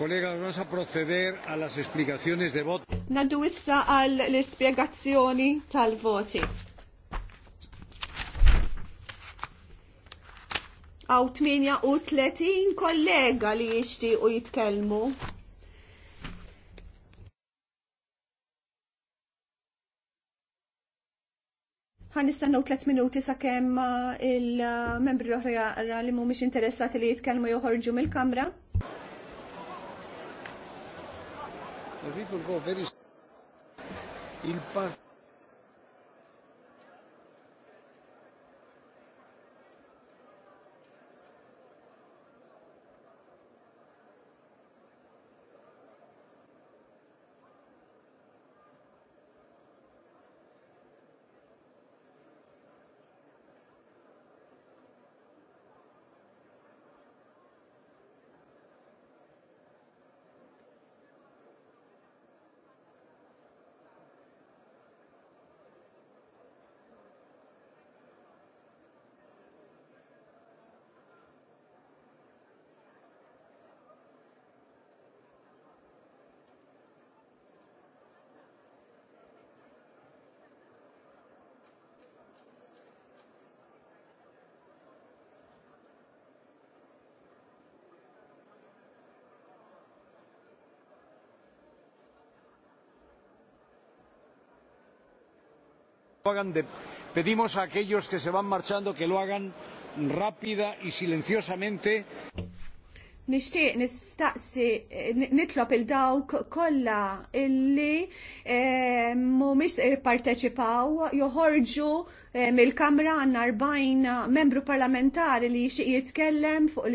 Kollega, vamos a proceder a las explicaciones de voto. Nadu issa għal l-ispiegazzjoni tal-voti. Għaw 38 kollega li jishti u jitkelmu. ħan nistennew 3 minuti sakemm uh, il-membri l-oħra li mhumiex interessati li jitkellmu joħorġu mill-kamra. people go very... Il part... Pedimos a aquellos que se van marchando que lo hagan rápida y silenciosamente. Nishtiq nistaqsi nitlob il-dawk kollha illi eh, mhumiex eh, parteċipaw joħorġu eh, mill-Kamra għanna 40 membru parlamentari li xi jitkellem fuq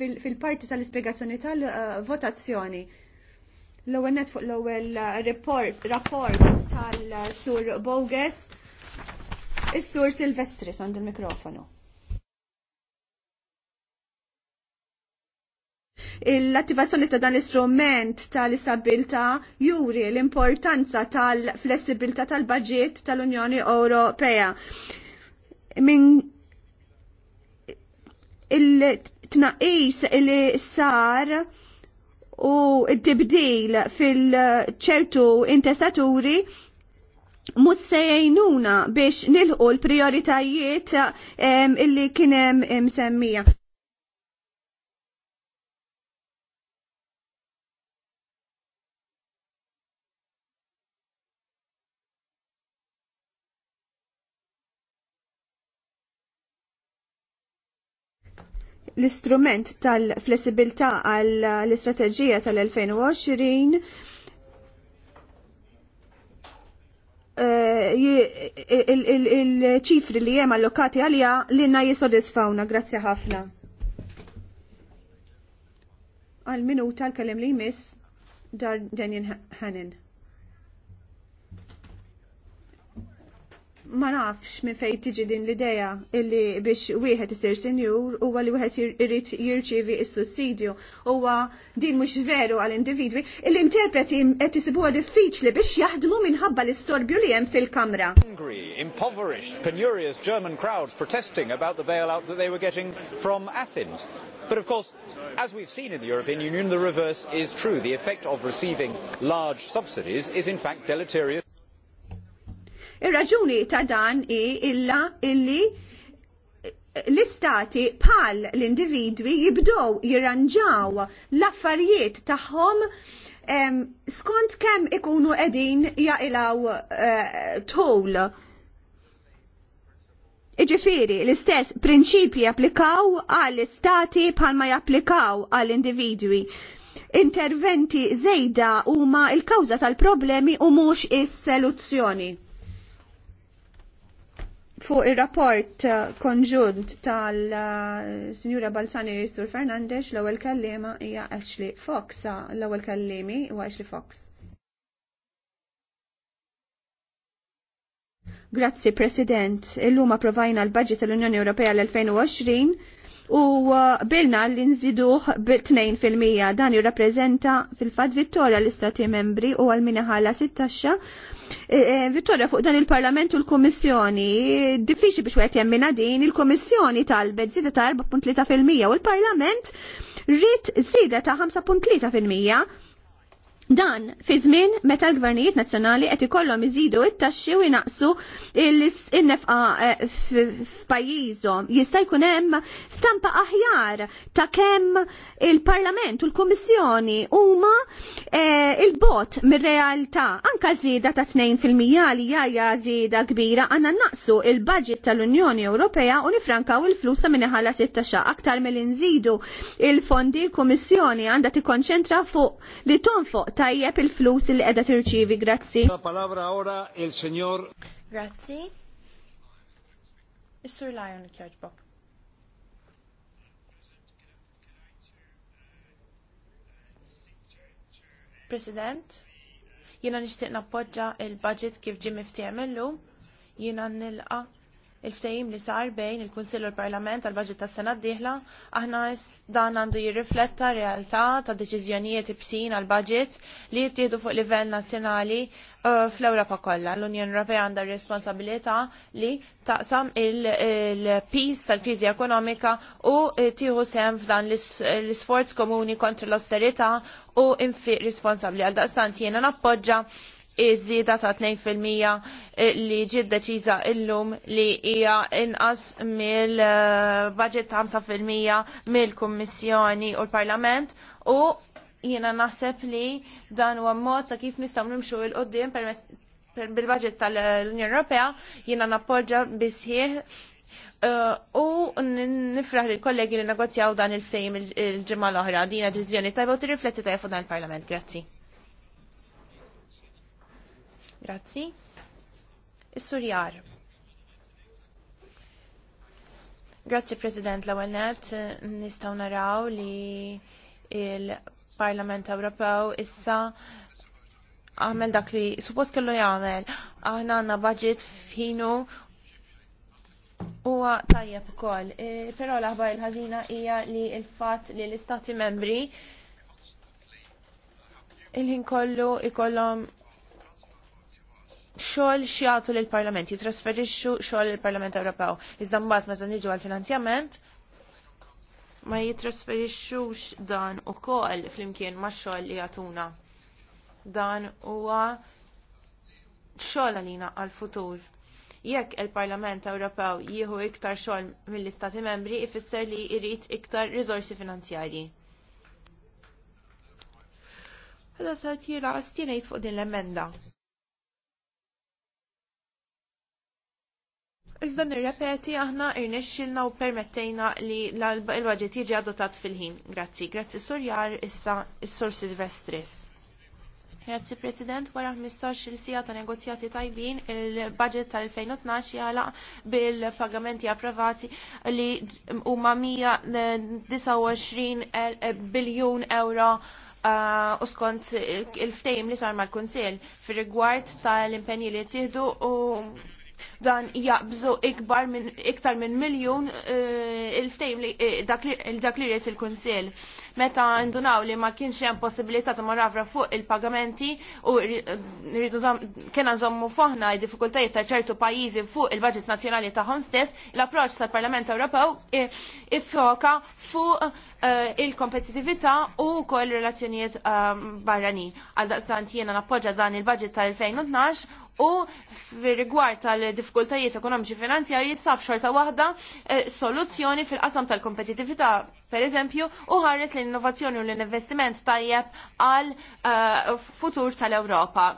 fil-parti tal-ispjegazzjoni tal-votazzjoni. L-ewwel fuq l-ewwel rapport tal-Sur Boges is-sur Silvestris għand il-mikrofonu. L-attivazzjoni ta' dan l-istrument tal-istabilta juri l-importanza tal-flessibilta tal-budget tal-Unjoni Ewropea. Min il-tnaqis li sar u d-dibdil fil-ċertu intestaturi mut sejjnuna biex nilħu l-prioritajiet illi kienem msemmija. l-istrument tal-flessibilità għall-istrateġija tal-2020 Eh, il-ċifri li jem allokati għalija l-inna jisodisfawna, Grazie ħafna. Għal-minuta l kalem li jmiss dar Daniel Hannin. ma nafx minn fejn tiġi din l-idea illi biex wieħed isir senjur huwa li wieħed irid jirċievi s-sussidju. Huwa din mhux veru għal individwi L-interpreti qed isibuha diffiċli biex jaħdmu minħabba l-istorbju li hemm fil-kamra. Hungry, impoverished, penurious German crowds protesting about the bailout that they were getting from Athens. But of course, as we've seen in the European Union, the reverse is true. The effect of receiving large subsidies is in fact deleterious. Ir-raġuni ta' dan i illa illi l-istati bħal l-individwi jibdow jirranġaw l-affarijiet tagħhom skont kemm ikunu qegħdin jaqilaw uh, eh, tol. Iġifiri, l-istess prinċipji japplikaw għall-istati bħalma japplikaw għall-individwi. Interventi zejda huma il-kawża tal-problemi u mhux is-soluzzjoni fuq il-rapport konġunt tal-Sinjura eh, Balzani Sur Fernandez l-ewwel kallima hija Ashley Fox l-ewwel kallimi huwa Ashley Fox. Grazzi President, illum approvajna l-budget tal-Unjoni Ewropea l-2020 u eh, bilna li nżiduh b-2% dan jirrappreżenta fil-fat vittorja l-istati membri u għal-minaħala 16 Eh, eh, Vittoria fuq dan il-Parlament u l komissjoni diffiċi biex għet jemmina din, il komissjoni talbet zida ta' 4.3% u l-Parlament rrit zida ta' 5.3%. Dan fi żmien meta l-gvernijiet nazzjonali qed ikollhom iżidu it-taxxi u jnaqsu l nefqa eh, f'pajjiżhom. Jista' jkun hemm stampa aħjar ta' kemm il-Parlament u l-Kummissjoni huma eh, il-bot mir-realtà. Anka żieda ta' 2% li hija żieda kbira għandna naqsu il-budget tal-Unjoni Ewropea u nifrankaw il-flus ta' minħalas it-taxxa aktar mill-inżidu il-fondi l-Kummissjoni għandha tikkonċentra fuq li tonfoq tajjeb il-flus li qiegħda tirċievi. Grazzi. La palabra ora il Grazzi. Is-Sur Lion Kjaġbok. President, jiena nixtieq nappoġġa il-budget kif ġie miftiem illum, jiena nilqa' il-ftehim li sar bejn il-Kunsill u l-Parlament għal baġit tas-sena d-dieħla, aħna dan għandu jirrifletta realtà ta' deċiżjonijiet ibsin għal budget li jittieħdu fuq livell nazzjonali uh, fl-Ewropa kollha. L-Unjoni Ewropea għandha responsabilità li taqsam il-pis tal-kriżi ekonomika u tieħu sem f'dan l-isforz komuni kontra l-austerità u infiq responsabbli għal daqstant jiena nappoġġa iż-żieda ta' 2% eh, li ġiet deċiża illum li hija inqas mill-budget eh, ta' 5% mill-Kummissjoni u l-Parlament u jiena naħseb li dan huwa mod ta' kif nistgħu nimxu il qoddim bil-budget tal-Unjoni Ewropea jiena nappoġġa bisħieħ eh, u nifraħ lill kollegi li negozjaw dan il-fejm il-ġimgħa l-oħra. Dina deċiżjoni tajba u tirrifletti tajba fuq dan il-Parlament. Grazzi. Grazzi. Is-Surjar. Grazzi President Lawenet, nistaw naraw li il-Parlament Ewropew issa għamel dak li suppost kellu jagħmel. Aħna għandna budget f'ħinu huwa tajjeb ukoll. E, però l-aħbar il-ħażina hija li l-fatt li l-Istati Membri il-ħin kollu ikollhom xogħol xjagħtu lill parlament jitrasferixxu xogħol lill parlament Ewropew. Iżda mbagħad meta niġu għall-finanzjament ma jitrasferixxux dan ukoll flimkien ma' xogħol li jagħtuna. Dan huwa xogħol għalina għall-futur. Jekk il-Parlament Ewropew jieħu iktar xogħol mill-Istati Membri ifisser li jrid iktar riżorsi finanzjarji. Ħada sa tira għastinajt fuq din l-emenda. Iżda nirrepeti aħna irnexxilna u permettejna li l-budget jiġi adottat fil-ħin. Grazzi, grazzi Surjar issa s sur Silvestris. Grazzi President, wara 15 il sija ta' negozjati tajbin, il-budget tal-2012 jala bil-pagamenti approvati li huma 129 biljun euro uh, u skont il-ftejm li sar mal-Kunsill fir-rigward tal-impenji li tieħdu u dan jaqbżu ikbar minn iktar minn miljun eh, il-ftejm li eh, dak li il-Kunsill. Meta ndunaw li ma kienx hemm possibilità ta' maravra fuq il-pagamenti u eh, rridu kena nżommu foħna d-diffikultajiet ta' ċertu pajjiżi fuq il-budget nazzjonali tagħhom stess, l-approċċ tal-Parlament Ewropew iffoka fuq il-kompetitività u wkoll relazzjonijiet barranin. Għal daqstant jiena nappoġġa dan il-budget tal-2012 u fir-rigward tal-diffikultajiet ekonomiċi finanzjarji jissaf xorta waħda eh, soluzzjoni fil-qasam tal-kompetitività per eżempju u ħares l-innovazzjoni u l-investiment tajjeb għal eh, futur tal-Ewropa.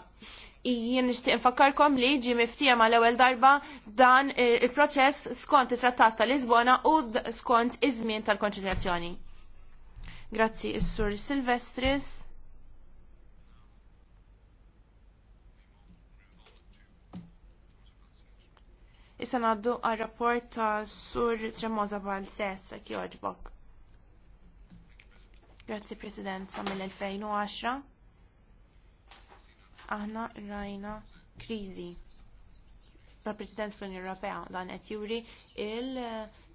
Jien nixtieq infakkarkom li ġi miftijem mal ewwel darba dan eh, il-proċess skont it-Trattat tal-Lisbona u skont iż-żmien tal-konċiljazzjoni. Grazzi, s sur Silvestris. Issa naddu għal rapport ta' Sur Tremoza bħal sess ek joġbok. Grazzi President, sa' mill-2010. Aħna rajna krizi tal president fl-Unjoni Ewropea dan qed juri il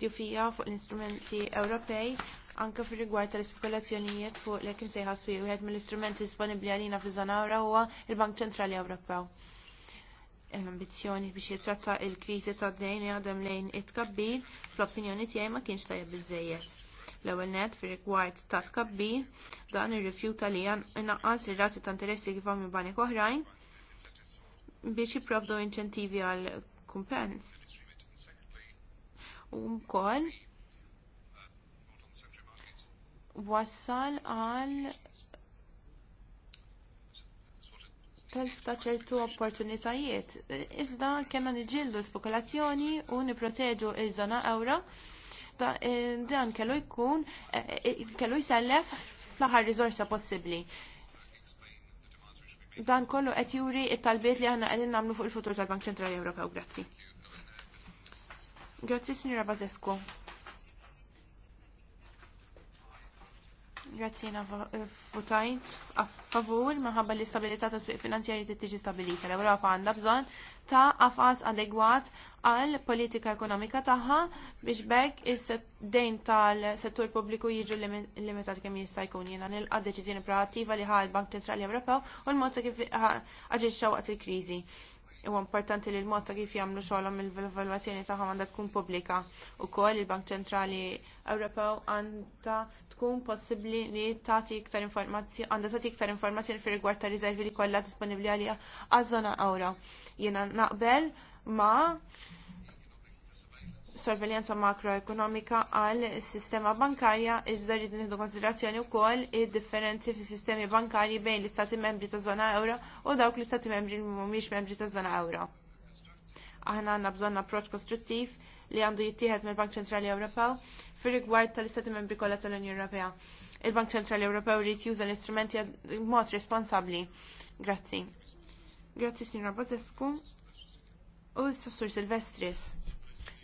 dufija fuq l-istrumenti Ewropej anke fir rigward tal-ispekulazzjonijiet fuq l ekin sejħas fi wieħed mill-istrumenti disponibbli għalina fi żona huwa il-Bank Ċentrali Ewropew l-ambizjoni biex jitratta il-kriżi tad-dejn jgħadem lejn it-tkabbir fl-opinjoni tiegħi ma kienx tajjeb biżżejjed. L-ewwel nett fir-rigward ta' tkabbir dan irrifjuta li inaqqas ir-rati ta' interessi kif minn banek oħrajn biex jipprovdu inċentivi għal kumpens. U wkoll wassal għal telf ta' ċertu opportunitajiet. Iżda kellna niġildu spekulazzjoni u nipproteġu iż-żona ewra. E, dan kellu jkun e, e, kellu jsellef fl-aħħar rizorsa possibbli. Dan kollu qed juri t talbiet li aħna qegħdin nagħmlu fuq il-futur tal-Bank Ċentrali Ewropew. Grazzi. Grazzi, Signora Bazescu. Grazzina eh, votajt favur maħabba l-istabilità ta' sbiq finanzjari tiġi stabilita. L-Ewropa għandha bżonn ta' qafas adegwat għal politika ekonomika tagħha biex bekk is-dejn tal-settur pubbliku jiġu limitat kemm jista' jkun jiena nilqa' deċiżjoni proattiva li ħal Bank Ċentrali Ewropew u l-mod ta' kif aġixxa waqt il-kriżi. Huwa importanti li l-mod ta' kif jagħmlu xogħolhom il valwazzjoni tagħhom għandha tkun pubblika. Ukoll il-Bank Ċentrali Ewropew għandha tkun possibbli li tagħti iktar informazzjoni għandha tagħti iktar informazzjoni fi rigward ta' riservi li kollha disponibbli għalija għaż-żona ewra. Jiena naqbel ma' sorveljanza makroekonomika għal sistema bankarja iżda rridu nieħdu konsiderazzjoni wkoll id-differenzi fis sistemi bankarji bejn l-istati membri ta' żona ewra u dawk l-istati membri li mhumiex membri ta' żona ewra. Aħna għandna bżonn approċċ kostruttiv li għandu jittieħed mill-Bank Ċentrali Ewropew fir-rigward tal-Istati Membri kollha tal-Unjoni Ewropea. Il-Bank Ċentrali Ewropew jrid juża l-istrumenti b'mod responsabbli. Grazzi. Grazzi, Signor Bozescu. U s-Sur Silvestris.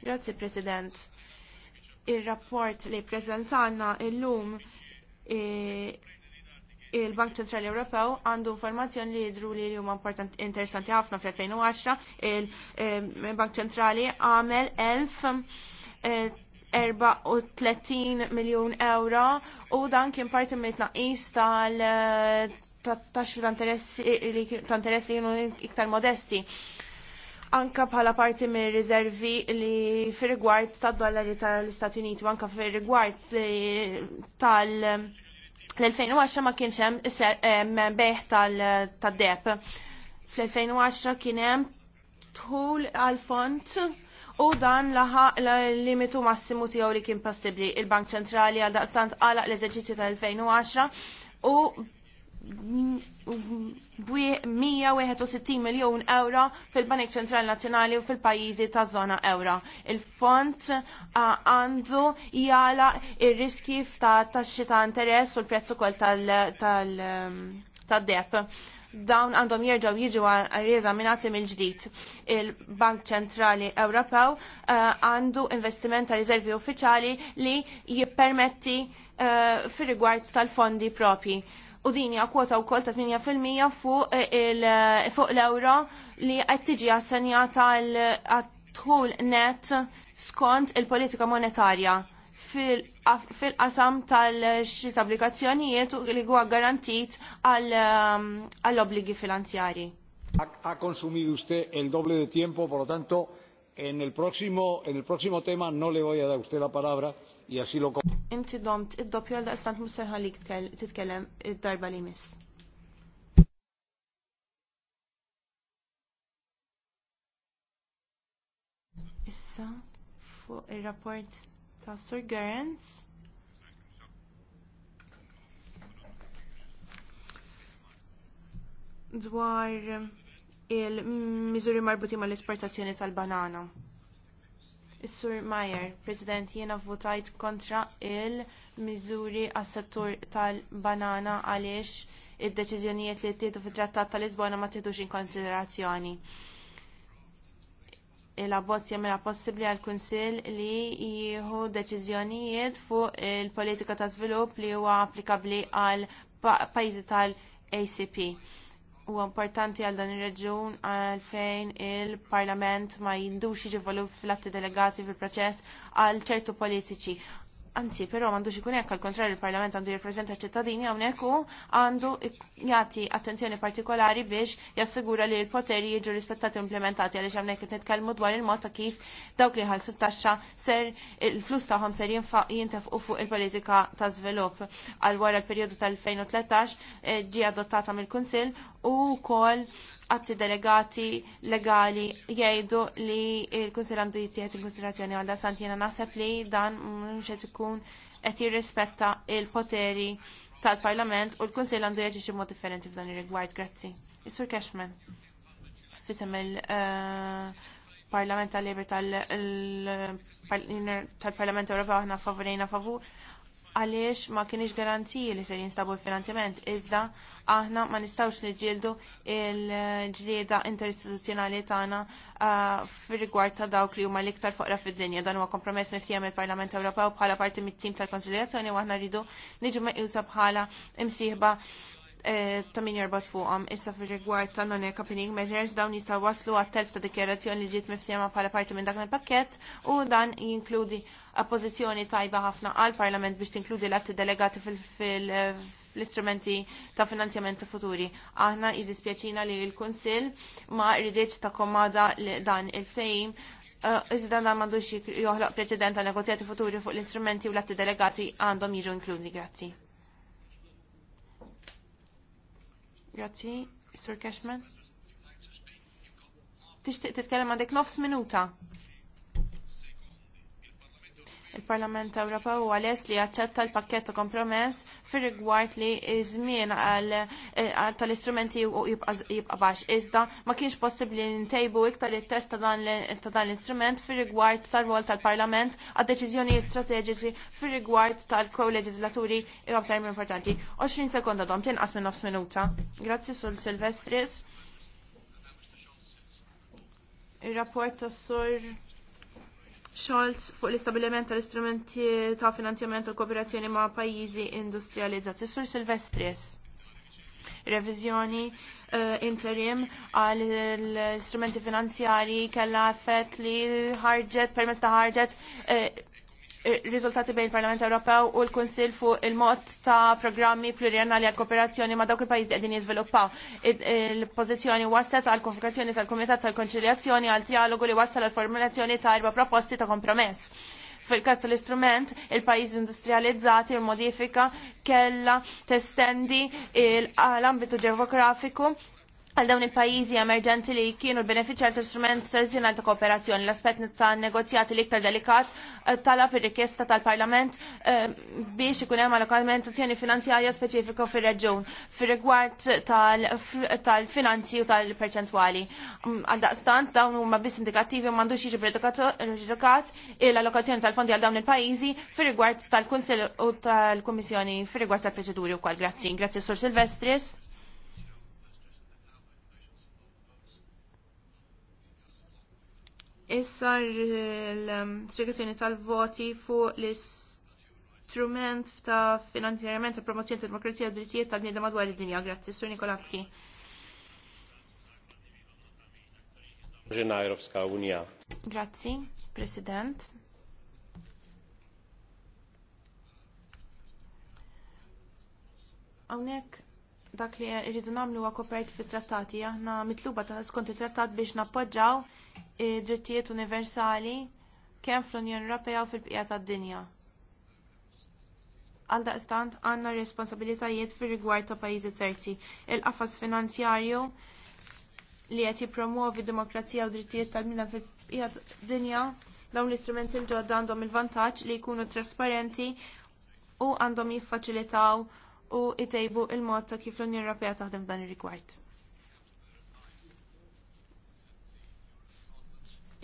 Grazzi, President. Il-rapport li prezentanna illum eh, il-Bank Ċentrali Ewropew għandu informazzjoni li jidru li huma importanti interessanti ħafna fl-2010 il-Bank eh, Ċentrali għamel 1034 eh, miljon euro u dan kien parti mit-naqis tal taxxi ta' interess li kienu iktar modesti. Anka bħala parti mir riservi li fir rigward tad-dollari tal-Istati Uniti, anka fir rigward tal- L-2010 ma kienx hemm beħ tad-deb. Fl-2010 kien hemm tħul għal-font u dan laħa l-limitu massimu tiegħu li kien possibbli. Il-Bank Ċentrali għal daqstant għalaq l-eżerċizzju tal-2010 u 161 miljon euro fil-Banik Ċentrali Nazzjonali u fil-pajjiżi ta' zona euro. Il-font għandu jala il riski ta' taxxi ta' interess u l prezzu kol tal um, dep Dawn għandhom jerġgħu jiġu rieżaminati mill-ġdid. Il-Bank Ċentrali Ewropew għandu investiment ta' riservi uffiċjali li jippermetti fir-rigward tal-fondi propi u din hija kwota wkoll ta' 8% fuq eh, eh, fuq l-ewro li qed tiġi assenjata għat-tħul net skont il-politika monetarja fil-qasam tal-xit applikazzjonijiet li huwa garantit ehm, għall-obligi finanzjari. Ha consumido usted el doble de tiempo, por lo tanto En el próximo, en el próximo tema no le voy a dar a usted la palabra y así lo Inti domt id-doppju għal daqstant Mr. Halik titkellem id-darba li miss. Issa fuq ir-rapport ta' Sir Gerens. Dwar il-miżuri marbuti mal esportazzjoni tal-banana. Is-Sur Majer, President, jiena votajt kontra il-miżuri għas-settur tal-banana għaliex id-deċiżjonijiet li ttieħdu fit-Trattat tal-Lisbona ma tieħdux in konsiderazzjoni. Il-abbozz jagħmilha possibbli għall kunsill li jieħu deċiżjonijiet fuq il-politika ta' żvilupp li huwa applikabbli għal pajjiżi tal-ACP huwa importanti għal dan ir-reġun għalfejn il-Parlament ma jindux jiġi fl-atti delegati fil-proċess għal ċertu politiċi anzi, però m'għandux ikun hekk, għal kontrarju il-Parlament għandu jirrappreżenta ċittadini hawnhekk u għandu jagħti attenzjoni partikolari biex jassigura li l-poteri jiġu rispettati u implementati għaliex hawnhekk qed nitkellmu dwar il-mod ta' kif dawk li ħallsu taxxa ser il-flus tagħhom ser jintefqu fuq il-politika ta' żvilupp għal wara l-perjodu tal-2013 eh, ġie adottata mill-Kunsill u wkoll atti delegati legali jgħidu li il-Kunsil għandu jittieħed il-konsiderazzjoni għalda santjena naħseb li dan mhux qed ikun qed jirrispetta il-poteri tal-Parlament u l-Kunsil għandu xi mod differenti f'dan ir-rigward. Grazzi. Is-Sur Cashman fisem il-Parlament eh, tal libri tal-Parlament Ewropew aħna favorejna favur għaliex ma kienix garanziji li ser jinstabu l-finanzjament, iżda aħna ma nistawx niġildu il-ġlieda interistituzzjonali tagħna uh, fir-rigward ta' dawk li huma l-iktar foqra fid-dinja. Dan huwa kompromess miftiem il-Parlament Ewropew bħala parti mit-tim tal-konsiljazzjoni u aħna rridu niġu meqjusa bħala imsieħba uh, ta' min jarbat fuqhom issa fir rigward ta' non accompanying measures dawn jistgħu waslu għat-telf ta' dikjerazzjoni li ġiet miftima bħala parti minn dak il-pakkett u dan jinkludi Appożizzjoni tajba ħafna għal parlament biex tinkludi l-atti delegati fil-istrumenti ta' finanzjamenti futuri. Aħna id-dispjaċina li l konsil ma rridiċ ta' komada dan il-ftejim uh, Iżda dan mandux joħloq preċedent ta' negozjati futuri fuq l-istrumenti u l-atti delegati għandhom jiġu inkludi. Grazzi. Grazzi, Sir Cashman. Tixtieq titkellem għandek nofs minuta. Il-Parlament Ewropew huwa les li jaċċetta l-pakket ta' kompromess fir rigward li żmien eh, tal-istrumenti jibqa' baxx. Iżda ma kienx possibbli ntejbu iktar it-test ta' dan l-istrument fir rigward tar-rwol tal-Parlament għad deċiżjonijiet strateġiċi fir rigward tal-koleġislaturi iktar importanti. 20 sekonda dom tinqas minn nofs minuta. Grazzi sul Silvestris. Il-rapport tas-sur Scholz fuq l-istabiliment tal-istrumenti ta' finanzjament tal kooperazzjoni ma' pajjiżi industrializzati. Sur Silvestris, revizjoni uh, eh, interim għal l-istrumenti finanzjari kella effett li ħarġet, permetta ta' ħarġet uh, Eh, riżultati bejn il-Parlament Ewropew u l-Kunsill fuq il-mod ta' programmi pluriannali għal kooperazzjoni ma' dawk il-pajjiżi qegħdin jiżviluppaw. Il-pożizzjoni waslet għal konfikazzjoni tal-Kumitat tal-Konċiljazzjoni għal dialogu li wassal għal formulazzjoni ta' erba' proposti ta' kompromess. Fil-każ tal-istrument, il-pajjiż industrializzati u modifika kella testendi l-ambitu ġeografiku għal dawn il-pajjiżi emerġenti li kienu l-beneficjar ta' strument tradizjonali ta' kooperazzjoni. L-aspett ta' negozjati l-iktar delikat eh, talab ir-rikjesta tal-Parlament eh, biex ikun hemm allokamentazzjoni finanzjarja speċifika fir reġun fir-rigward tal-finanzi u tal-perċentwali. Mm, għal daqstant dawn huma biss indikattivi m'għandux jiġi preġudikat l-allokazzjoni tal-fondi għal dawn il-pajjiżi fir-rigward tal kunsel u tal-Kummissjoni fir-rigward tal-proċeduri wkoll. Grazzi. Grazzi Sur Silvestris. Issa l-segrezzjoni tal-voti fuq l-istrument ta' finanzjament e promozjoni tal-demokrazija u drittijiet tal-bniedem madwar id-dinja. Grazzi, Sur Nikolatki. Ġena Unija. Grazzi, President. Hawnhekk dak li rridu nagħmlu huwa kopert fit-trattati. Aħna mitluba ta' skont it-trattat biex nappoġġaw id-drittijiet universali kemm fl-Unjoni Ewropea u fil-bqija tad-dinja. Għaldaqstant għandna responsabilitajiet fir rigward ta' pajjiżi terzi. Il-qafas finanzjarju li qed jippromuovi demokrazija u drittijiet tal-mina fil-bqija tad-dinja dawn l-istrumenti l-ġodda għandhom il-vantaġġ li jkunu trasparenti u għandhom jiffaċilitaw u itejbu il-mod ta' kif l-Unjoni Ewropea taħdem dan ir-rigward.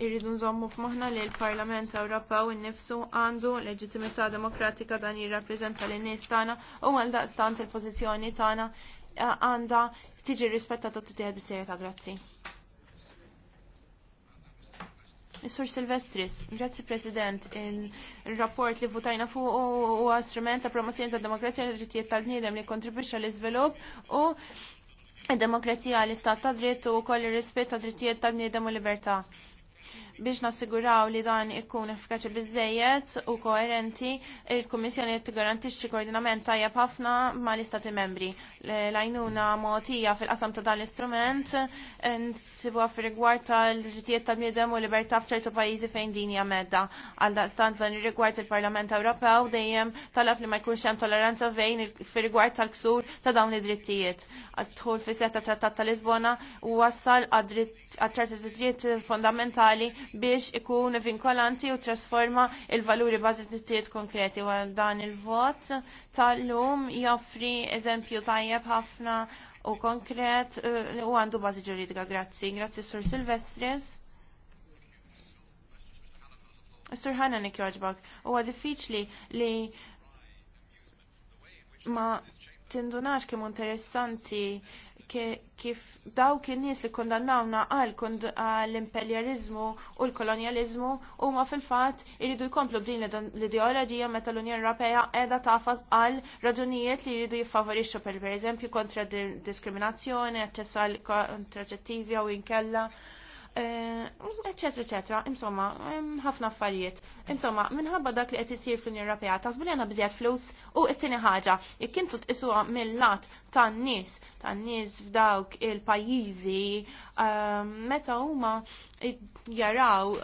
Irridu nżommu f'moħħna li l-Parlament Ewropew innifsu għandu leġitimità demokratika dan jirrappreżenta lin nies tagħna u għaldaqstant il-pożizzjoni tagħna għandha tiġi rispettata titieħed bis-serjetà grazzi. Sur Silvestris, grazzi President, il-rapport li votajna fuq u strument ta' promozjoni ta' demokrazija li drittijiet tal-bniedem li kontribuċa l-izvilup u demokrazija l-istat ta' dritt u koll rispett ta' drittijiet tal-bniedem u libertà biex nassiguraw li dan ikun effikaċi biżejjed u koerenti, il-Kummissjoni tiggarantixxi koordinament tajjeb ħafna mal-Istati membri. Lajnuna mogħtija fil-qasam ta' dan l-istrument nsibuha fir-rigward tal ġitiet tal-bniedem u libertà f'ċertu pajjiżi fejn din hija medda. Għal daqstant dan rigward il-Parlament Ewropew dejjem talab li ma jkunx hemm tolleranza fejn fir-rigward tal-ksur ta' dawn id-drittijiet. Għadħul fis-setta trattat tal-Lisbona u wassal għad ċerti drittijiet fondamentali biex ikun vinkolanti u trasforma il-valuri bażitittiet konkreti u dan il-vot tal-lum joffri eżempju tajjeb ħafna u konkret eh, u għandu bażi ġuridika. Grazzi. Grazzi Sur Silvestris. Sur Hanna nikjoġbak. U diffiċli li ma tindunax kemm interessanti kif dawk in-nies li kondannawna għal l imperializmu u l u huma fil-fatt iridu jkomplu b'din l-ideoloġija meta l-Unjoni Ewropea qiegħda tafas għal raġunijiet li jridu jiffavorixxu per pereżempju kontra diskriminazzjoni, aċċess għal kontraċettivi u inkella eccetera, eh, eccetera, insomma, ħafna affarijiet. Insomma, minħabba dak li qed isir fl-Unjoni Ewropea, tasbu li għandna biżjed flus u t-tieni ħaġa, jekk intu tqisuha mill-lat tan-nies, tan-nies f'dawk il-pajjiżi meta huma jaraw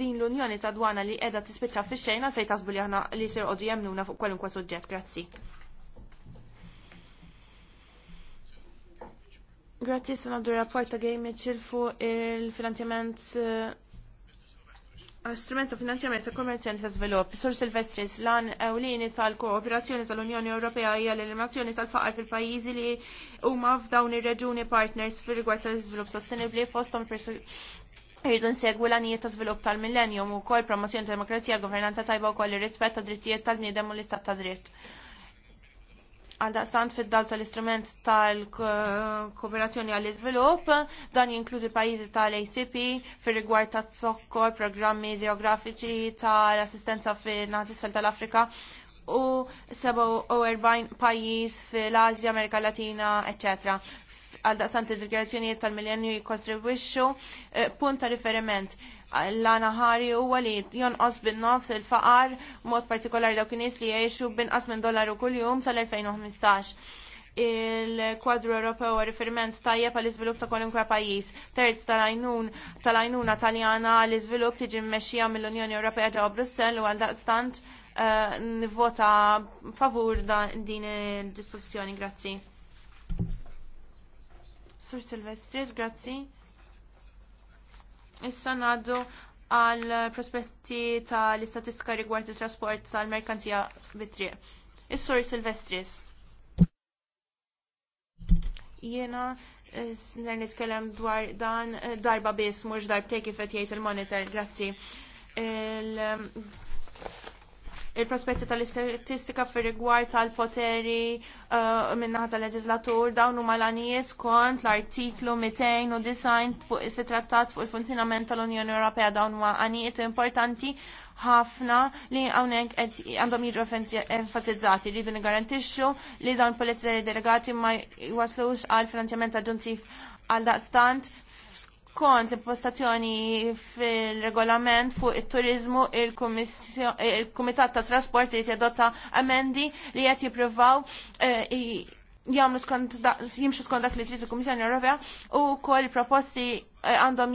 din l-Unjoni ta' dwana li qiegħda tispiċċa fix-xejn għalfejn tasbu li aħna li jsir qogħdu jemmnuna fuq kwalunkwe suġġett. Grazzi. Grazie. sanaddu Porta Game ċilfu il-finanzjament eh, Strumenta finanzjament ta' kommerzjoni ta' svilupp. Sur Silvestri lan ewlieni tal-kooperazzjoni tal-Unjoni Europea hija l-eliminazzjoni tal-faqar fil-pajjiżi li huma f'dawn ir-reġuni partners fir-rigward tal-iżvilupp sostenibbli fosthom Irridu nsegwu l-għanijiet ta' żvilupp tal-millennium u kol promozzjoni ta' demokrazija, governanza tajba u kol rispett ta' drittijiet tal-bniedem u l-istat ta' dritt għaldaqstant fid-dal tal-istrument tal-kooperazzjoni għall-iżvilupp, dan jinkludi pajjiżi tal-ACP fir rigward ta' zokkor, programmi geografiċi tal-assistenza fin-nat isfel tal-Afrika u 47 pajjiż fil-Azja, Amerika Latina, eccetera għal daqsant id-dikjarazzjonijiet tal-millenju jikontribwixxu eh, punt ta' riferiment l-għana ħari huwa li jonqos bin-nofs il-faqar mod partikolari dawk nies li jgħixu binqas minn dollaru kuljum sal-2015. Il-kwadru Ewropew riferiment tajjeb l iżvilupp ta' kwalunkwe pajjiż. Terz tal ajnun tal-għajnuna Taljana għal iżvilupp tiġi mmexxija mill-Unjoni Ewropea ġewwa Brussell u għal daqstant eh, nivvota favur din id-dispożizzjoni. Grazzi. Sur Silvestris, grazzi. Issa ngħaddu għal prospetti tal-istatistika rigward it trasport tal-merkanzija bit-triq. Is-sur Silvestris. Jiena Ner nitkellem dwar dan darba biss mhux darbtej kif qed jgħid il-monitor, grazzi il-prospetti tal-istatistika fir rigward tal-poteri uh, minnaħa tal-leġislatur dawn huma l kont l-artiklu 209 fuq is-trattat fuq il-funzjonament tal-Unjoni Ewropea dawn huma għanijiet importanti ħafna li għawnek għandhom jiġu enfasizzati li dun garantisġu li dawn polizzeri delegati ma jwaslux għal finanzjament aġġuntiv għal daqstant kont l-impostazzjoni fil-regolament fuq il-turizmu il-Kumitat il ta' Trasport li jadotta amendi li qed jippruvaw eh, jgħamlu jimxu skont dak li trid il-Kummissjoni Ewropea u koll proposti eh, għandhom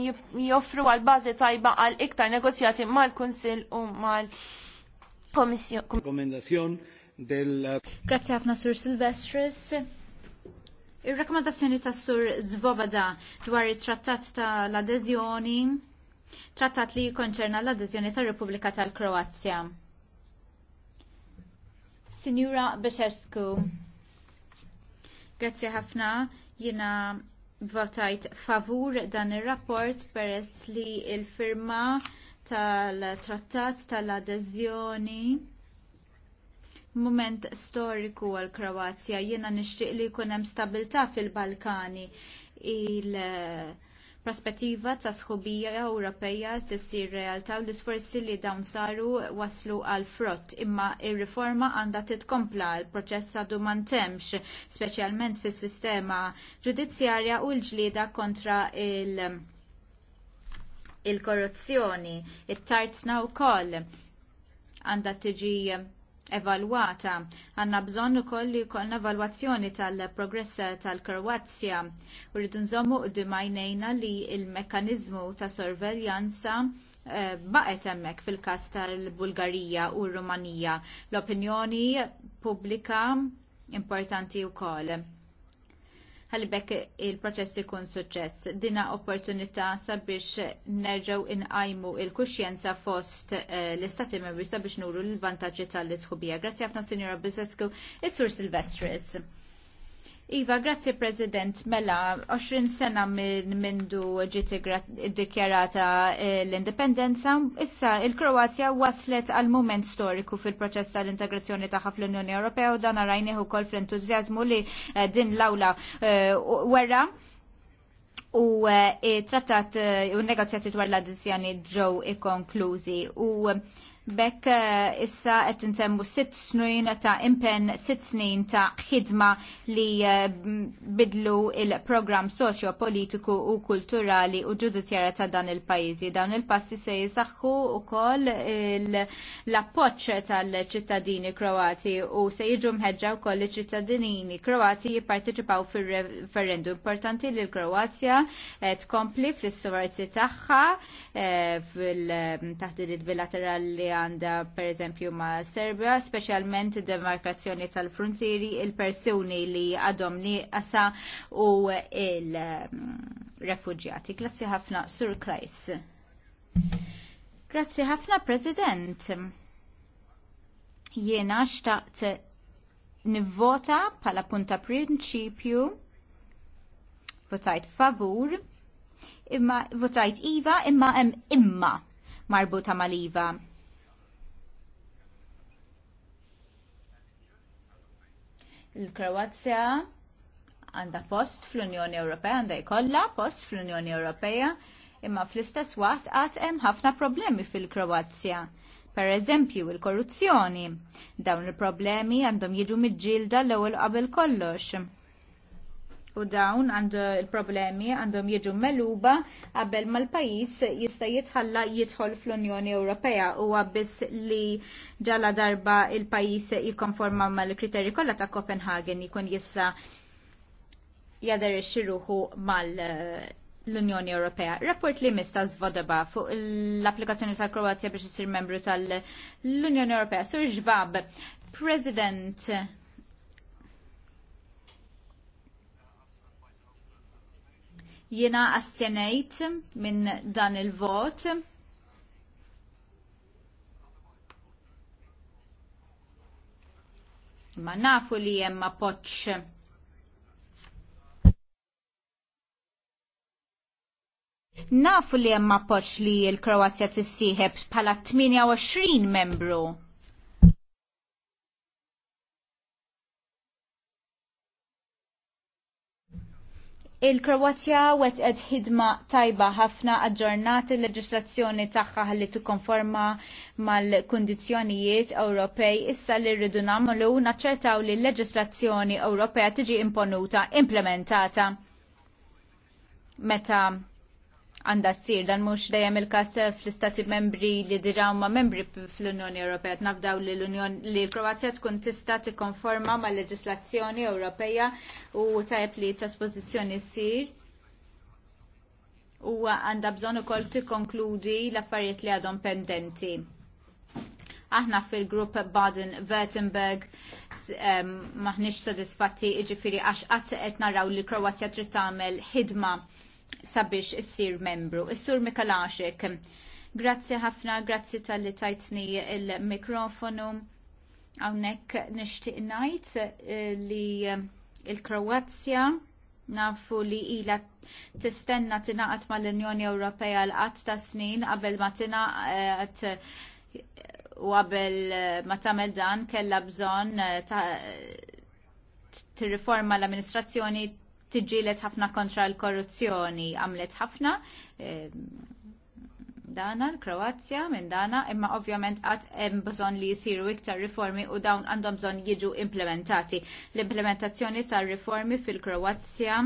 joffru għal bażi tajba għal iktar negozjati mal-Kunsill u mal-Kommissjoni. Grazie ħafna Sur Silvestris. Ir-rakkomandazzjoni tas sur Zvobada dwar it-trattat ta' l-adeżjoni, trattat li konċerna l-adeżjoni tar Repubblika tal-Kroazja. Sinjura Bexescu, grazzi ħafna jina votajt favur dan ir-rapport peress li il-firma tal-trattat tal-adeżjoni moment storiku għall Kroazja. Jiena nixtieq li jkun hemm stabilta fil-Balkani. Il-prospettiva eh, ta' sħubija Ewropeja tissir realtà u l-isforzi li dawn saru waslu għal frott imma r riforma għandha titkompla l-proċess għadu ma speċjalment fis-sistema ġudizzjarja u l-ġlieda kontra l- il-korruzzjoni, it-tartna wkoll għandha tiġi evalwata. Għanna bżonn ukoll li jkollna evalwazzjoni tal-progress tal-Kroazja. zommu nżommu għajnejna li il mekanizmu ta' sorveljanza eh, baqet hemmhekk fil-każ tal-Bulgarija u r-Rumanija. L-opinjoni pubblika importanti wkoll ħalibek il-proċess ikun suċċess. Dina opportunità sabiex nerġgħu inqajmu il-kuxjenza fost eh, l-Istati Membri sabiex nuru l-vantaġġi tal-isħubija. Grazzi għafna, Sinjora Bizesku, is-Sur Silvestris. Iva, grazzi President, mela, 20 sena minn mindu ġiti dikjarata eh, l-indipendenza, issa il-Kroazja waslet għal moment storiku fil-proċess tal-integrazzjoni taħħa fl-Unjoni Ewropea u dan rajniħu kol fl-entuzjazmu li eh, din l-awla werra eh, u trattat u negozjati dwar l-adizjoni ġew ikonklużi u Bekk eh, issa qed intemmu sitt snin ta' impen sitt snin ta' ħidma li eh, bidlu il-programm soċjo-politiku u kulturali u ġudizjara ta' dan il-pajjiżi. Dawn il-passi se jisaxħu wkoll l-appoġġ tal-ċittadini Kroati u se jiġu mħeġġa wkoll iċ-ċittadini Kroati jipparteċipaw fir-referendum. Importanti li l-Kroazja eh, tkompli fl-soverzji tagħha fil-taħdidiet bilaterali għandha pereżempju ma' Serbia, speċjalment id demarkazzjoni tal-frontieri, il-persuni li għadhom nieqasa u il-refuġjati. Grazzi ħafna, Sur Klajs. Grazzi ħafna, President. Jena xtaqt nivvota bħala punta prinċipju, votajt favur, imma votajt Iva imma hemm imma marbuta mal-Iva. l-Kroazja għandha post fl-Unjoni Ewropea, għandha jkollha post fl-Unjoni Ewropea, imma fl-istess waqt għad hemm ħafna problemi fil-Kroazja. Per eżempju, il-korruzzjoni. Dawn il-problemi għandhom jiġu mid-ġilda l-ewwel qabel kollox u dawn għandu il-problemi għandhom jiġu meluba qabel ma l-pajis jista' jitħalla jidħol fl-Unjoni Ewropea u għabbis li ġala darba il-pajis jikonforma mal-kriterji kollha ta' Copenhagen jikun jissa jader xiruħu mal- l-Unjoni Ewropea. Rapport li mista zvodaba fuq l-applikazzjoni tal-Kroazja biex isir membru tal-Unjoni Ewropea. Sur ġvab, President Jiena astjenejt minn dan il-vot. Ma nafu li hemm poċ Nafu li hemm poċ li l-Kroazja tissieħeb bħala 28 membru. Il-Kroatja wet ed ħidma tajba ħafna aġġornat il-leġislazzjoni tagħha li tikkonforma mal-kundizzjonijiet Ewropej issa li rridu nagħmlu naċċertaw li l-leġislazzjoni Ewropea tiġi imponuta implementata meta għanda s-sir, dan mux dejjem il-kas fl-istati membri li diraw ma membri fl-Unjoni Ewropea, nafdaw li l-Unjoni li Kroazja tkun tista tikkonforma ma leġislazzjoni Ewropeja u tajb li trasposizjoni s-sir. U għanda bżon u kol tikkonkludi l-affarijiet li għadhom pendenti aħna fil-grupp Baden-Württemberg m'aħniex sodisfatti iġifiri għax qatt qed naraw li kroazja trid tagħmel ħidma sabiex issir membru. Is-sur Mikalaxek, grazzi ħafna, grazzi tal-li tajtni il-mikrofonu. Għawnek nishtiq najt li il-Kroazja nafu li ila tistenna tinaqat mal-Unjoni Ewropea l-qatt ta' snin qabel ma tinaqat u qabel ma tagħmel dan kellha bżonn ta' tirriforma l-amministrazzjoni tiġġielet ħafna kontra l-korruzzjoni, għamlet ħafna eh, dana l-Kroazja minn dana, imma ovvjament għat hemm bżonn li jisiru iktar riformi u dawn għandhom bżonn jiġu implementati. L-implementazzjoni tar-riformi fil-Kroazja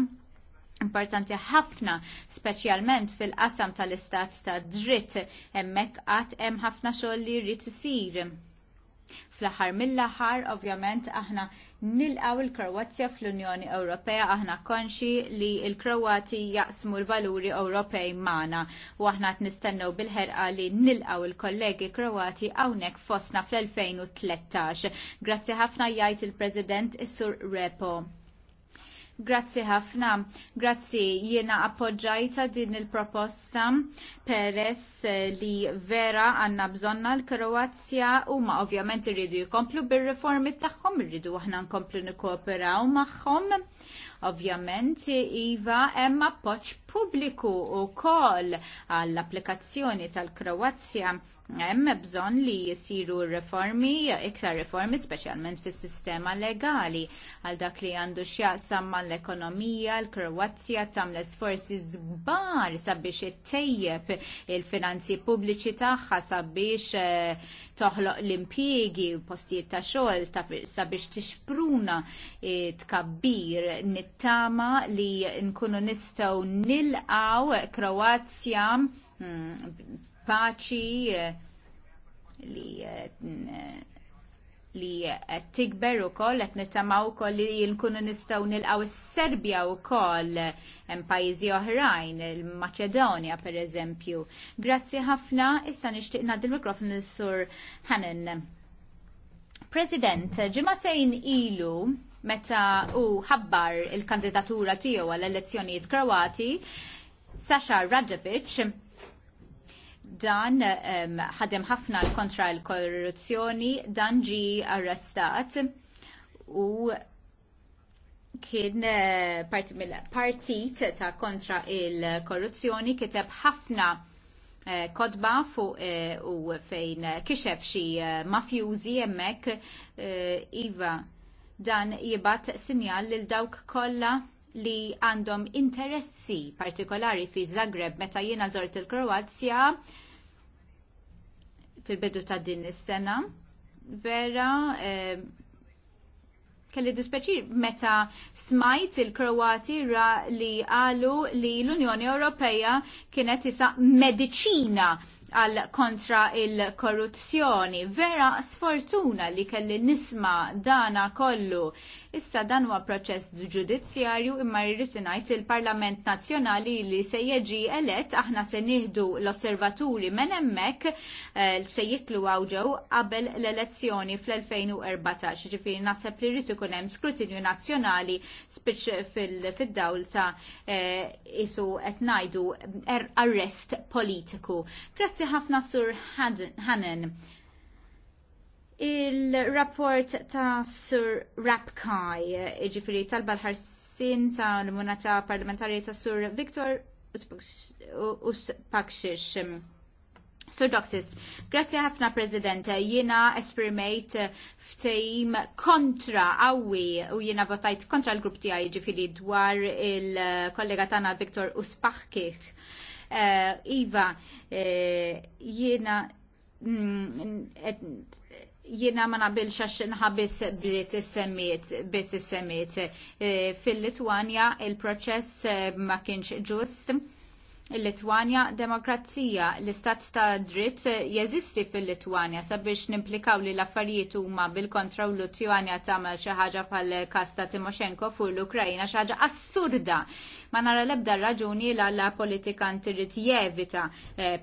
importanti ħafna, speċjalment fil-qasam tal-istat ta' dritt, hemmhekk qatt hemm ħafna xogħol li jrid isir Fl-aħħar mill-aħħar, ovvjament, aħna nilqaw il-Kroazja fl-Unjoni Ewropea, aħna konxi li l kroati jaqsmu l-valuri Ewropej magħna u aħna qed nistennew bil-ħerqa li nilqaw il-kollegi Kroati hawnhekk fostna fl-2013. Grazzi ħafna jgħid il-President Sur Repo. Grazzi ħafna, grazzi jiena appoġġajta din il-proposta peress eh, li vera għanna bżonna l-Kroazja u ma ovvjament irridu jkomplu bir-reformi tagħhom, irridu aħna nkomplu nikkooperaw magħhom Ovvjament, Iva, hemm appoġġ pubbliku wkoll għall-applikazzjoni tal-Kroazja hemm bżonn li jisiru reformi, iktar reformi speċjalment fis-sistema legali għal dak li għandu x'jaqsam mal-ekonomija, l-Kroazja tagħmel sforzi żbar sabiex ittejjeb il-finanzi pubbliċi tagħha sabiex eh, toħloq l-impjiegi, u postijiet ta' xogħol sabiex tixpruna eh, tkabbir Tama li nkunu nistgħu nilqaw Kroazja hmm, paċi li li tikber u koll, et nitamaw koll li jilkunu nistaw nilqaw s-Serbia u koll pajizi oħrajn, il-Macedonia per eżempju. Grazzi ħafna, issa nishtiqna dil-mikrofon l-sur Hanan. President, ġimatejn ilu meta u ħabbar il-kandidatura tiegħu għall elezzjonijiet Kroati, Sasha Radjevic, dan ħadem ħafna kontra l-korruzzjoni, dan ġi arrestat u kien eh, partit ta' kontra il-korruzzjoni kiteb ħafna eh, kodba fu eh, u fejn kixef xi mafjużi hemmhekk Iva dan jibat sinjal lil dawk kollha li għandhom interessi partikolari fi Zagreb meta jiena zort il-Kroazja fil-bidu ta' din is-sena vera eh, kelli dispeċir meta smajt il-Kroati ra li għalu li l-Unjoni Ewropeja kienet isa medicina għal kontra il-korruzzjoni. Vera sfortuna li kelli nisma dana kollu Issa dan huwa proċess ġudizzjarju imma rrid ngħid il-Parlament Nazzjonali li se jeġi elett aħna se nieħdu l-osservaturi minn hemmhekk eh, se jitlu ġew qabel l-elezzjoni fl-2014. Ġifieri naħseb li jrid ikun hemm skrutinju nazzjonali spiċ fid dawl ta' eh, isu qed ngħidu er-, arrest politiku. Grazzi ħafna Sur Hannon. Il-rapport ta' Sur Rapkaj, ġifiri talba l-ħarsin ta' l-munata parlamentari ta' Sur Viktor Uspakxix. Sur Doxis, grazie ħafna President, jiena esprimejt ftejim kontra għawi u jiena votajt kontra l-grupp tijaj ġifiri dwar il-kollega tana Viktor Uspakshich. Uh, eh, iva, uh, jiena mm, Jiena ma nabilx għax nħabis bliet semmiet biss is-semmiet. E, Fil-Litwanja il-proċess e, ma kienx ġust. Il-Litwanja demokrazija, l-istat ta' dritt e, jeżisti fil-Litwanja sabiex nimplikaw li l-affarijiet huma bil-kontra u l-Litwanja tagħmel xi ħaġa bħal kasta ta' Timoshenko fuq l ukrajina xi ħaġa assurda. Ma nara l-ebda raġuni l-politika trid jevita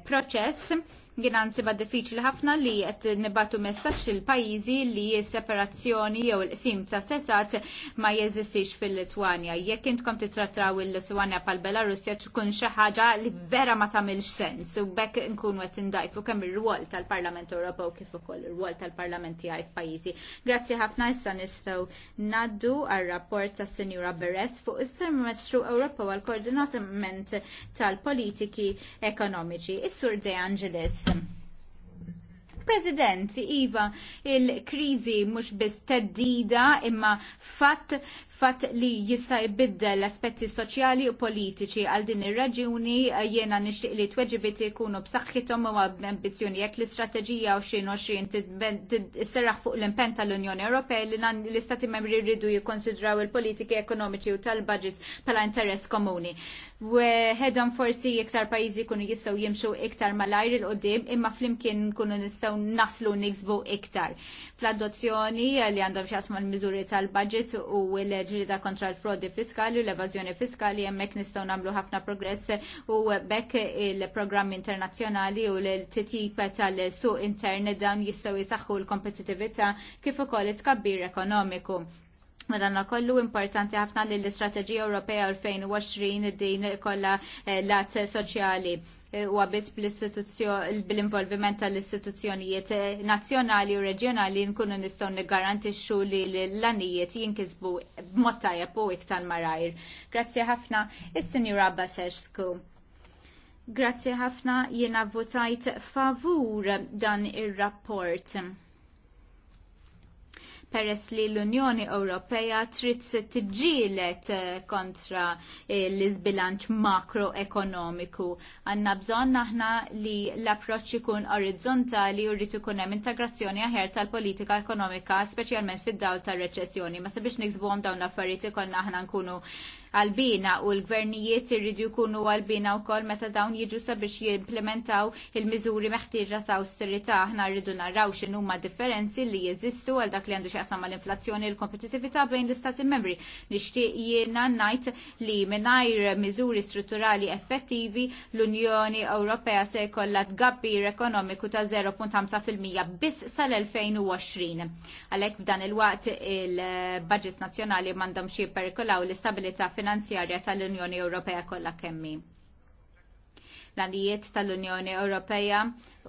proċess Gina nsiba diffiċli ħafna li qed nibatu messax il pajjiżi li separazzjoni jew il-qsim ta' setat ma jeżistix fil-Litwanja. Jekk intkom titrattaw il-Litwanja pal belarusja tkun xi ħaġa li vera ma tagħmilx sens u bekk nkun qed indajfu kemm ir-rwol tal-Parlament Ewropew kif ukoll ir-rwol tal-Parlamenti għaj f'pajjiżi. Grazzi ħafna issa nistgħu naddu għar-rapport tas-Sinjura Beres fuq is-Semestru Ewropew għall koordinatament tal-politiki ekonomiċi. Is-Sur De Angeles. President, Iva, il-krizi mux biss teddida imma fatt fatt li jista' jbiddel l-aspetti soċjali u politiċi għal din ir-raġuni eh, jiena nixtieq li tweġibiet ikunu b'saħħithom u ambizzjoni jekk l-istrateġija u 2020 tisserraħ fuq l-impenn tal-Unjoni Ewropea li l-Istati Membri jridu jikkonsidraw il-politiki ekonomiċi u tal-budget bħala interess komuni u ħedhom forsi iktar pajjiżi kunu jistgħu jimxu iktar malajr il qudiem imma flimkien kunu nistgħu naslu niksbu iktar. Fl-adozzjoni li għandhom x'jasmu l-miżuri tal-budget u l ġlieda kontra l-frodi fiskali u l-evażjoni fiskali hemmhekk nistgħu nagħmlu ħafna progress u bekk il-programm internazzjonali u l-titjib tal-suq internet dawn jistgħu jisaxħu l-kompetitività kif ukoll it-tkabbir ekonomiku. Madanna kollu importanti ħafna li l-Istrateġija Ewropea 2020 din kollha eh, lat soċjali eh, u għabis bil-involviment tal-istituzzjonijiet eh, nazjonali u reġjonali nkunu nistgħu niggarantixxu li l-lanijiet jinkisbu b'mod tajjeb u iktar marajr. Grazzi ħafna, is-Sinjura Basescu. Grazzi ħafna jiena votajt favur dan ir-rapport peress li l-Unjoni Ewropea trid tiġġielet eh, kontra eh, l-iżbilanċ makroekonomiku. Għanna bżonn aħna li l-approċċ ikun orizzontali u rrid ikun hemm integrazzjoni aħjar tal-politika ekonomika, speċjalment fid-dawl tar-reċessjoni. Ma sabiex niksbuhom dawn l-affarijiet ikollna aħna nkunu għalbina u l-gvernijiet irridu jkunu għalbina u kol meta dawn jiġu sabiex jimplementaw il-mizuri meħtieġa ta' austerita. Aħna rridu narraw x'inhu ma' differenzi li jeżistu għal dak li għandu xaqsam mal inflazzjoni l kompetitività bejn l-istati membri. Nixtieq jiena ngħid li mingħajr miżuri strutturali effettivi l-Unjoni Ewropea se jkollha tgabbir ekonomiku ta' 0.5% biss sal-2020. Għalhekk f'dan il-waqt il budget nazzjonali mandom xie perikolaw l istabilita finanzjarja tal-Unjoni Ewropea kollha kemmi l-għalijiet tal-Unjoni Ewropea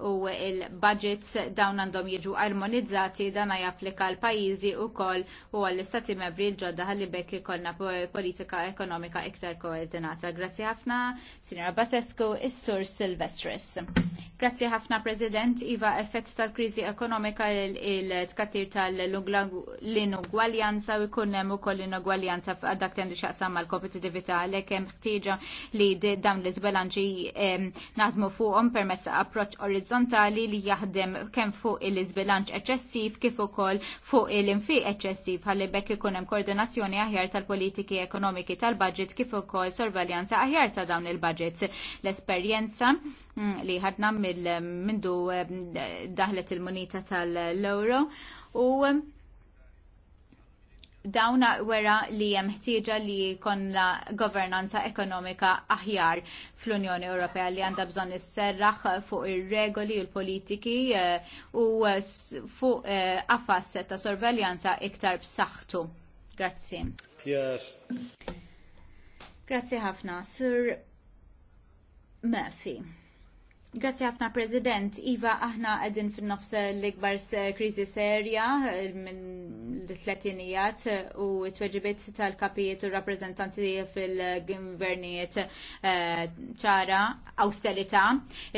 u il-budgets dawn għandhom jiġu armonizzati dana japplika l pajjiżi koll u għall-istati membri l-ġodda għalli bekk ikollna politika ekonomika iktar koordinata. Grazzi ħafna, Sinjora Basescu, is-Sur Silvestris. Grazzi ħafna, President, Iva, effett tal-krizi ekonomika il-tkattir tal-inugwaljanza u jkun hemm ukoll inugwaljanza f'dak tendi xaqsam mal-kompetitività għalhekk hemm ħtieġa li dawn l izbalanġi naħdmu fuqhom approċ approċċ orizzontali li jaħdem kemm fuq il-izbilanċ eċessiv kif ukoll fuq il-infiq eċessiv ħalli bekk ikun hemm koordinazzjoni aħjar tal-politiki ekonomiki tal-budget kif ukoll sorveljanza aħjar ta' dawn il-budgets. L-esperjenza mm, li ħadna mill-mindu eh, daħlet il-munita tal-euro u dawna wera li hemm ħtieġa li jkollna governanza ekonomika aħjar fl-Unjoni Ewropea li għandha bżonn isserraħ fuq ir-regoli u l-politiki eh, u fuq eh, affas ta' sorveljanza iktar b'saħħtu. Grazzi. Grazzi ħafna, Sir Murphy. Grazie ħafna President. Iva, aħna għedin fin-nofs l-ikbar krizi serja eh, minn l-tletinijat u t-tweġibiet tal-kapijiet u rappresentanti fil-gvernijiet eh, ċara austerita.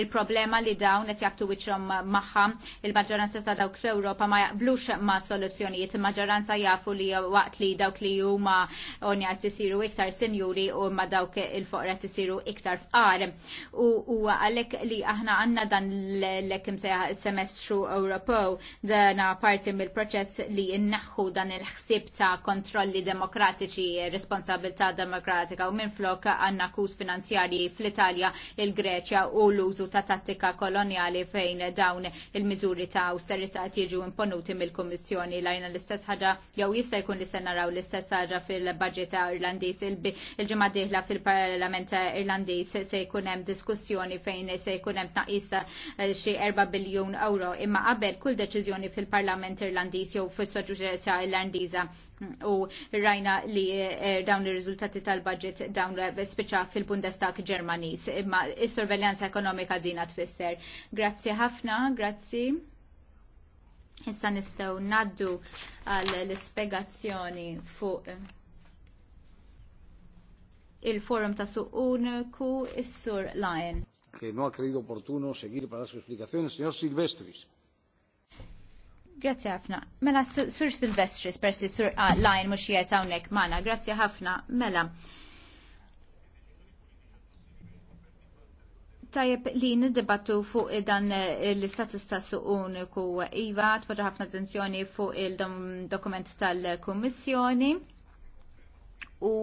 Il-problema li dawn qed jaktu wiċċhom magħha il-maġġoranza ta' dawk fl-Ewropa ma jaqblux ma' soluzzjonijiet. Il-maġġoranza jafu li waqt li dawk li huma t isiru iktar sinjuri u ma' dawk il-foqra isiru iktar fqar. U għalhekk li aħna għanna dan l-ekim semestru Ewropew dana parti mill-proċess li innaħħu dan il-ħsib ta' kontrolli demokratiċi, responsabilità demokratika u minflok għanna kus finanzjari fl-Italja, il-Greċja u l-użu ta' tattika koloniali fejn dawn il-miżuri ta' austerità jiġu imponuti mill-Kommissjoni lajna l-istess ħaġa jew jista' jkun li se naraw l-istess ħaġa fil-budget Irlandiż il-ġimgħa fil-Parlament Irlandiż se jkun hemm diskussjoni fejn se jkun ikun hemm tnaqqis eh, xi 4 biljun euro imma qabel kull deċiżjoni fil-Parlament Irlandiż jew fis-Soċjetà Irlandiża mm, u rajna li eh, dawn ir-riżultati tal-budget dawn spiċċa fil-Bundestag Ġermaniż imma is-sorveljanza ekonomika dina tfisser. Grazzi ħafna, grazzi. Issa nistgħu naddu għall-ispjegazzjoni fuq il-forum ta' suq uniku is-sur Lion que no ha creído oportuno seguir para dar su explicación. señor Silvestris. Grazie ħafna. Mela, Sur Silvestris, persi Sur uh, Lajn mux jiet hawnhekk mana. Grazie ħafna. Mela. Tajjeb li niddibattu fuq dan eh, l-istatus ta' suq uniku iva, tpoġġa ħafna attenzjoni fuq il-dokument tal-Kummissjoni u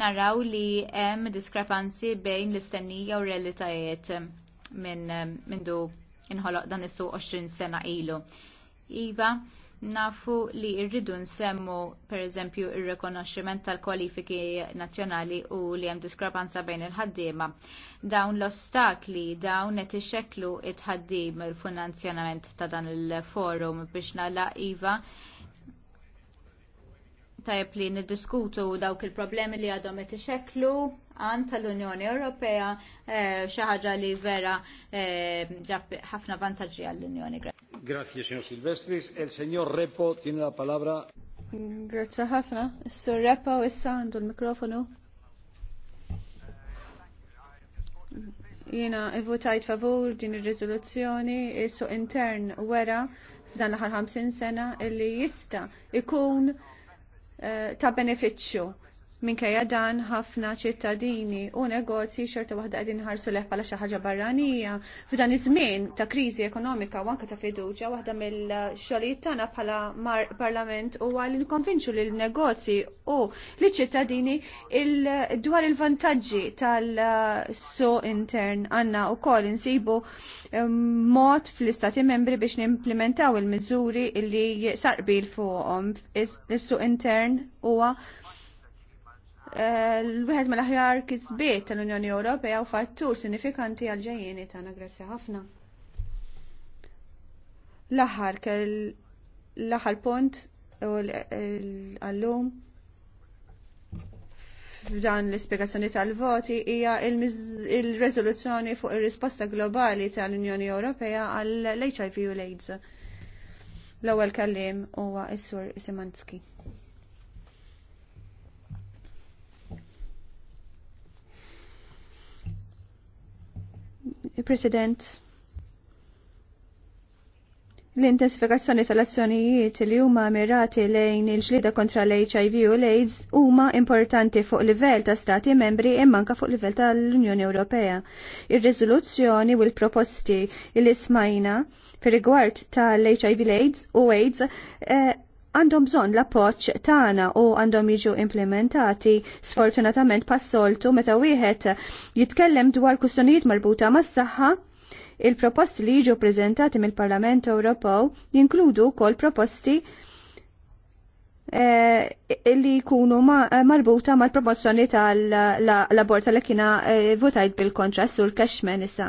naraw li hemm diskrepanzi bejn l-istennija u realitajiet minn eh, mindu inħoloq dan is su 20 sena ilu. Iva, nafu li rridu nsemmu pereżempju r rikonoxximent tal-kwalifiki nazzjonali u li hemm diskrepanza bejn il-ħaddiema. Dawn l-ostakli dawn qed ixxekklu t ħaddiem il-finanzjament ta' dan il-forum biex nagħlaq iva tajjeb li niddiskutu dawk il-problemi li għadhom qed ixekklu għan tal-Unjoni Ewropea eh, xi ħaġa li vera eh, ġab ħafna vantaġġi għall-Unjoni. Grazie, signor Silvestris. E il signor Repo tiene la palabra. Grazie ħafna. Sir Repo issa għandu l-mikrofonu. Jiena votajt favur din ir-riżoluzzjoni, il-suq intern wera f'dan l-ħar 50 sena illi jista' ikun Eh, ta' beneficju. Minkejja dan ħafna ċittadini u negozji xorta waħda qegħdin ħarsu leħ bħala xi ħaġa barranija. F'dan iż-żmien ta' kriżi ekonomika u anke ta' fiduċja waħda mill-xogħlijiet tagħna bħala parlament huwa li nkonvinċu lil negozji u li ċittadini dwar il-vantaġġi tal-so intern għandna wkoll insibu mod fl-istati membri biex nimplementaw il-miżuri li saqbil fuqhom is-suq intern huwa l-wieħed mal aħjar kisbiet tal-Unjoni Ewropea u fattur sinifikanti għal ġejjieni tagħna grazzi ħafna. L-aħħar l-aħħar punt għallum f'dan l-ispjegazzjoni tal-voti hija il-riżoluzzjoni fuq ir-risposta globali tal-Unjoni Ewropea għall hiv u l-AIDS. L-ewwel kelliem huwa s-sur Simanski. Il-President l-intensifikazzjoni tal-azzjonijiet li huma mirati lejn il-ġlida kontra l-HIV u l-AIDS huma importanti fuq livell ta' stati membri manka fuq livell tal-Unjoni Ewropea. Ir-riżoluzzjoni u l-proposti li smajna fir rigward tal-HIV l-AIDS u AIDS eh, għandhom bżonn l-appoċ tagħna u għandhom jiġu implementati sfortunatament pas-soltu meta wieħed jitkellem dwar kustonijiet marbuta mas-saħħa il-proposti li jiġu prezentati mill-Parlament Ewropew jinkludu wkoll proposti eh, li jkunu eh, marbuta mal-promozzjoni tal-abort tal-ekina eh, votajt bil-kontra sul kaxmen issa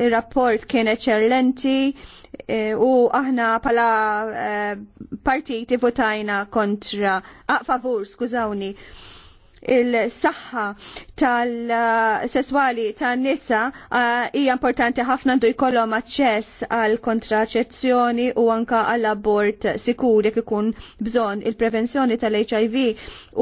il-rapport kien eċċellenti e, u aħna pala e, partiti votajna kontra, a favur, skużawni il-saħħa tal-sesswali tan-nisa eh, hija importanti ħafna ndu jkollhom aċċess għal kontraċezzjoni u anka għall abort sikur jekk ikun bżonn il-prevenzjoni tal-HIV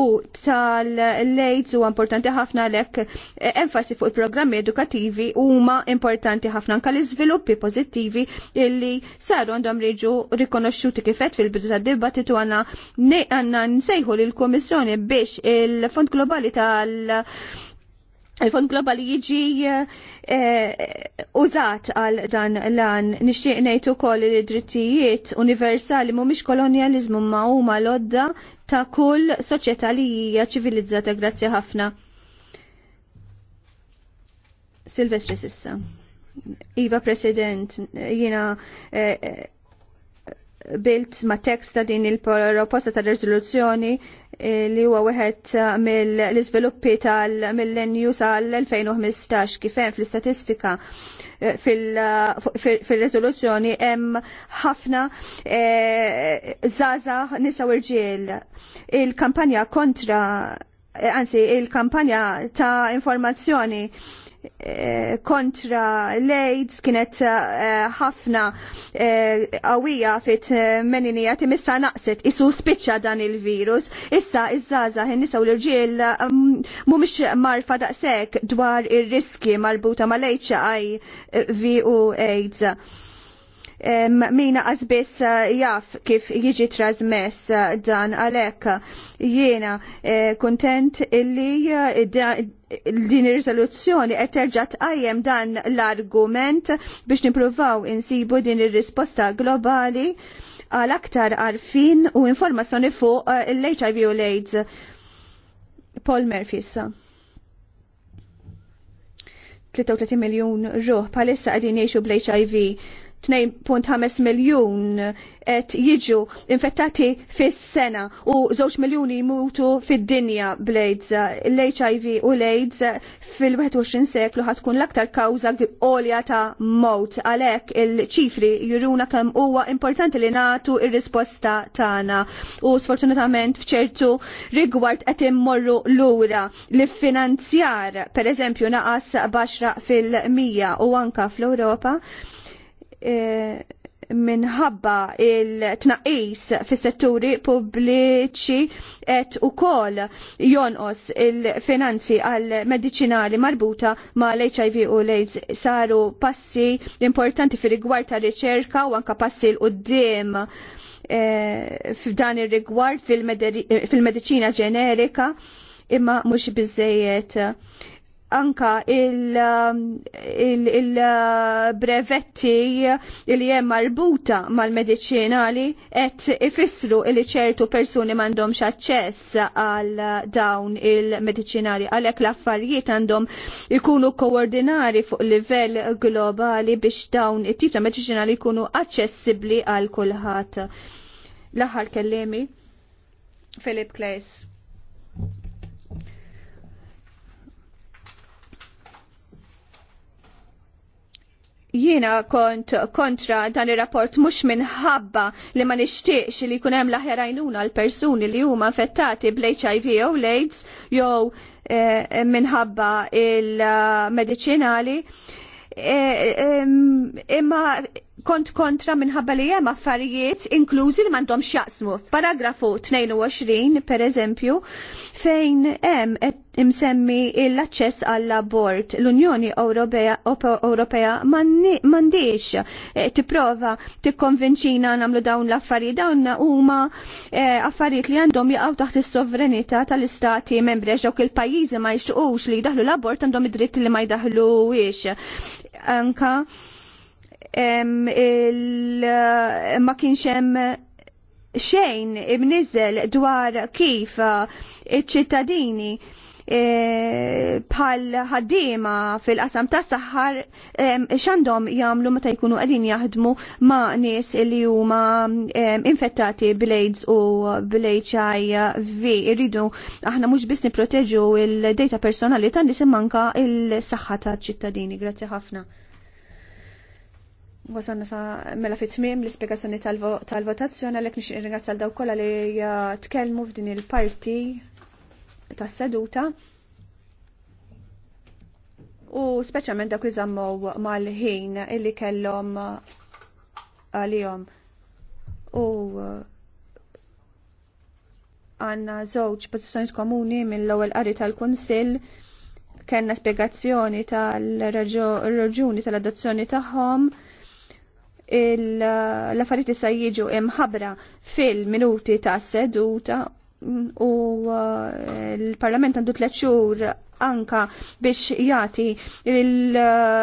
u tal-AIDS huwa importanti ħafna lek eh, enfasi fuq il-programmi edukattivi huma importanti ħafna anka l-iżviluppi pożittivi illi saru għandhom riġu rikonoxxuti kifet fil-bidu tad-dibattitu għandna nsejħu lill-Kummissjoni biex il-Fond il-Fond Globali tal- il-Fond Globali jiġi eh, użat għal dan lan nixtieq ngħid ukoll li drittijiet universali mhumiex kolonjaliżmu ma huma lodda ta' kull soċjetà li hija ċivilizzata grazzi ħafna. Silvestri sissa. Iva President, jiena eh, eh, bilt ma' teksta ta' din il-proposta ta' rezoluzzjoni li huwa wieħed mill-iżviluppi tal-millenju sal-2015 kif hemm fl-istatistika eh, eh, fil-rezoluzzjoni hemm ħafna eh, zaza nisa u rġiel. Il-kampanja kontra anzi il-kampanja ta' informazzjoni Eh, kontra l-AIDS kienet eh, ħafna eh, qawwija fit meninija timissa naqset isu spiċċa dan il-virus. Issa iż-żaza nisa u l-irġiel mm, mhumiex marfa daqshekk dwar ir-riski marbuta mal-HIV u AIDS mina għazbis eh, jaf kif jiġi trasmess eh, dan għalek jiena eh, kontent illi din ir-riżoluzzjoni qed terġa' tqajjem dan l-argument biex nippruvaw insibu din ir-risposta globali għal aktar arfin u informazzjoni fuq l-HIV u l-AIDS. Paul Murphy 33 miljon ruħ palissa għadin jiexu bl-HIV 2.5 miljun et jiġu infettati fis-sena u 2 miljuni jmutu fid-dinja bl-AIDS. L-HIV u l-AIDS fil-21 seklu ħatkun l-aktar kawza għolja ta' mot. Għalek il-ċifri juruna kemm huwa importanti li natu il risposta tagħna u sfortunatament fċertu rigward qed immorru lura li finanzjar per eżempju naqas baxra fil-mija u anka fl-Ewropa Eh, minħabba il-tnaqis fis setturi pubbliċi et u kol jonqos il-finanzi għal medicinali marbuta ma l-HIV u l-AIDS saru passi importanti fi rigward ta' riċerka u anka passi l-qoddim eh, f'dan ir-rigward fil-medicina ġenerika imma mhux biżejjed anka il-brevetti um, il, il uh, li hemm marbuta mal-medicinali qed ifissru li ċertu persuni m'għandhomx aċċess għal uh, dawn il-medicinali għalhekk l-affarijiet għandhom ikunu koordinari fuq livell globali biex dawn it-tip ta' medicinali jkunu aċċessibbli għal kulħadd. L-aħħar kellemi Philip Klaes. jiena kont kontra dan ir-rapport mhux minħabba li ma nixtieqx li jkun hemm l-aħjar għajnuna l persuni li huma affettati bl-HIV jew l-AIDS eh, jew minħabba il-medicinali. Eh, eh, imma kont kontra minħabba li hemm affarijiet inklużi li mandom xaqsmu. Paragrafu 22 pereżempju fejn hemm imsemmi l-aċċess għall abort l-Unjoni Ewropea m'għandix eh, tipprova tikkonvinċina nagħmlu dawn l-affarijiet dawn huma eh, affarijiet li għandhom jaqgħu taħt is-sovranità tal-istati membri għax il-pajjiżi ma jixtuqux li jdaħlu l-abort għandhom id-dritt li ma jdaħluwiex. Anka Eh, ma kienx hemm xejn imniżel dwar kif eh, iċ-ċittadini eh, bħal ħaddiema fil-qasam tas saħħar x'għandhom jagħmlu meta jkunu qegħdin jaħdmu ma' nies li huma infettati bl-AIDS u bl-HIV. Irridu aħna mhux biss nipproteġu il-data personali tan nies manka il-saħħa taċ-ċittadini. Grazzi ħafna. Wasanna sa' mela fit l-ispiegazzjoni tal-votazzjoni għalhekk nixtieq ringrazzjal daw kollha li tkellmu f'din il-parti tas-seduta. U speċjalment dak li mal-ħin illi kellhom uh, għalihom. U uh, għanna żewġ pożizzjonijiet komuni mill-ewwel qari tal-Kunsill kellna spjegazzjoni tal-raġuni tal-adozzjoni tagħhom l-affarijiet issa jiġu imħabra fil-minuti ta' seduta u uh, l-Parlament għandu tliet xhur anka biex jagħti il-